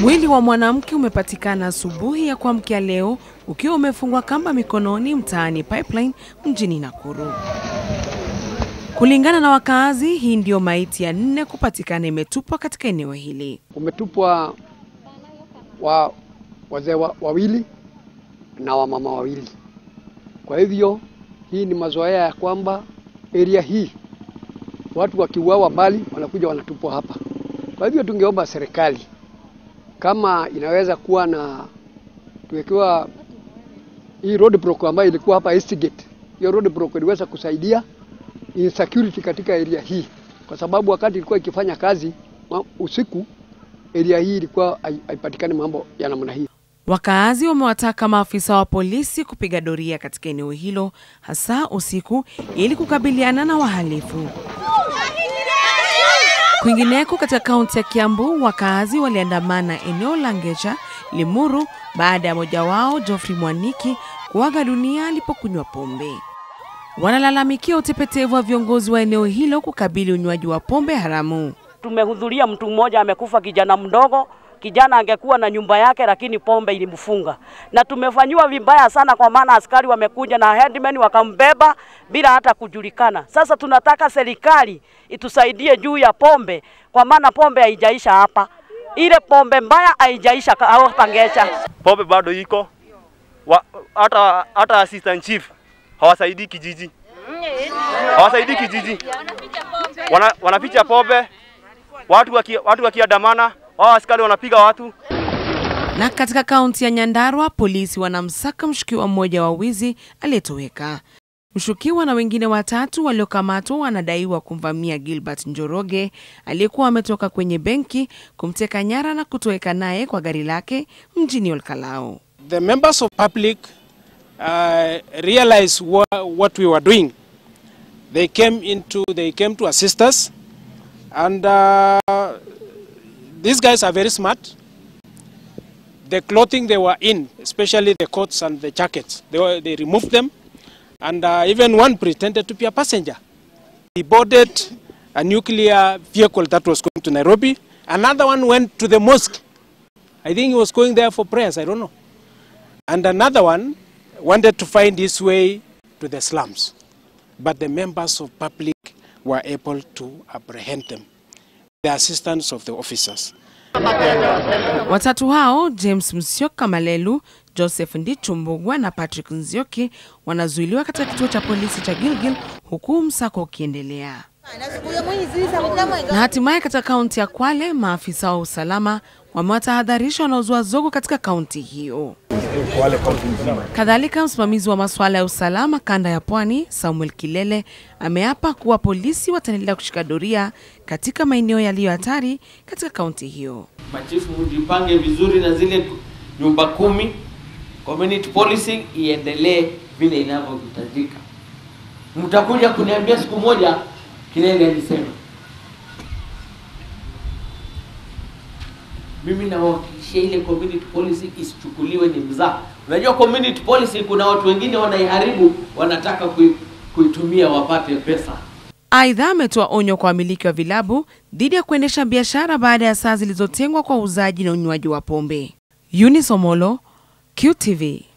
Mwili wa mwanamke umepatikana asubuhi ya kuamkia leo ukiwa umefungwa kamba mikononi mtaani Pipeline mjini Nakuru. Kulingana na wakaazi, hii ndiyo maiti ya nne kupatikana imetupwa katika eneo hili. Umetupwa wa wazee wa, wawili na wamama wawili. Kwa hivyo hii ni mazoea ya kwamba area hii watu wakiuawa mbali wanakuja wanatupwa hapa. Kwa hivyo tungeomba serikali kama inaweza kuwa na tuwekewa hii road block ambayo ilikuwa hapa Eastgate. Hiyo road block iliweza kusaidia insecurity katika area hii, kwa sababu wakati ilikuwa ikifanya kazi usiku, area hii ilikuwa haipatikani mambo ya namna hii. Wakaazi wamewataka maafisa wa polisi kupiga doria katika eneo hilo hasa usiku ili kukabiliana na wahalifu. Kwingineko katika kaunti ya Kiambu, wakazi waliandamana eneo la Ngecha, Limuru, baada ya moja wao Geoffrey Mwaniki kuaga dunia alipokunywa pombe. Wanalalamikia utepetevu wa viongozi wa eneo hilo kukabili unywaji wa pombe haramu. Tumehudhuria mtu mmoja amekufa, kijana mdogo kijana angekuwa na nyumba yake, lakini pombe ilimfunga, na tumefanyiwa vibaya sana, kwa maana askari wamekuja na headmen wakambeba bila hata kujulikana. Sasa tunataka serikali itusaidie juu ya pombe, kwa maana pombe haijaisha hapa, ile pombe mbaya haijaisha hapa Ngecha, pombe bado iko hata hata assistant chief hawasaidii kijiji, hawasaidii kijiji, wanaficha pombe, watu wakiandamana watu waki wao askari wanapiga watu. Na katika kaunti ya Nyandarua, polisi wanamsaka mshukiwa mmoja wa wizi aliyetoweka. Mshukiwa na wengine watatu waliokamatwa wanadaiwa kumvamia Gilbert Njoroge aliyekuwa ametoka kwenye benki, kumteka nyara na kutoweka naye kwa gari lake mjini Olkalao. The members of public uh, realize what, what we were doing. They came into they came to assist us and uh, These guys are very smart. The clothing they were in, especially the coats and the jackets, they, were, they removed them. And uh, even one pretended to be a passenger. He boarded a nuclear vehicle that was going to Nairobi. Another one went to the mosque. I think he was going there for prayers, I don't know. And another one wanted to find his way to the slums. But the members of public were able to apprehend them. the assistance of the officers. Watatu hao James Msioka Malelu, Joseph ndichumbugwa Mbugwa na Patrick Nzioki wanazuiliwa katika kituo cha polisi cha Gilgil huku msako ukiendelea. Na hatimaye katika kaunti ya Kwale, maafisa wa usalama wamewatahadharisha wanaozua zogo katika kaunti hiyo. Kadhalika, msimamizi wa masuala ya usalama kanda ya Pwani Samuel Kilele ameapa kuwa polisi wataendelea kushika doria katika maeneo yaliyo hatari katika kaunti hiyo. Machifu mjipange vizuri na zile nyumba kumi, community policing iendelee vile inavyohitajika. Mtakuja kuniambia siku moja Kilele alisema. mimi nawakikishia ile community policy isichukuliwe ni mzaa Unajua community policy, kuna watu wengine wanaiharibu, wanataka kuitumia wapate pesa. Aidha, ametoa onyo kwa wamiliki wa vilabu dhidi ya kuendesha biashara baada ya saa zilizotengwa kwa uuzaji na unywaji wa pombe. Eunice Omolo, QTV.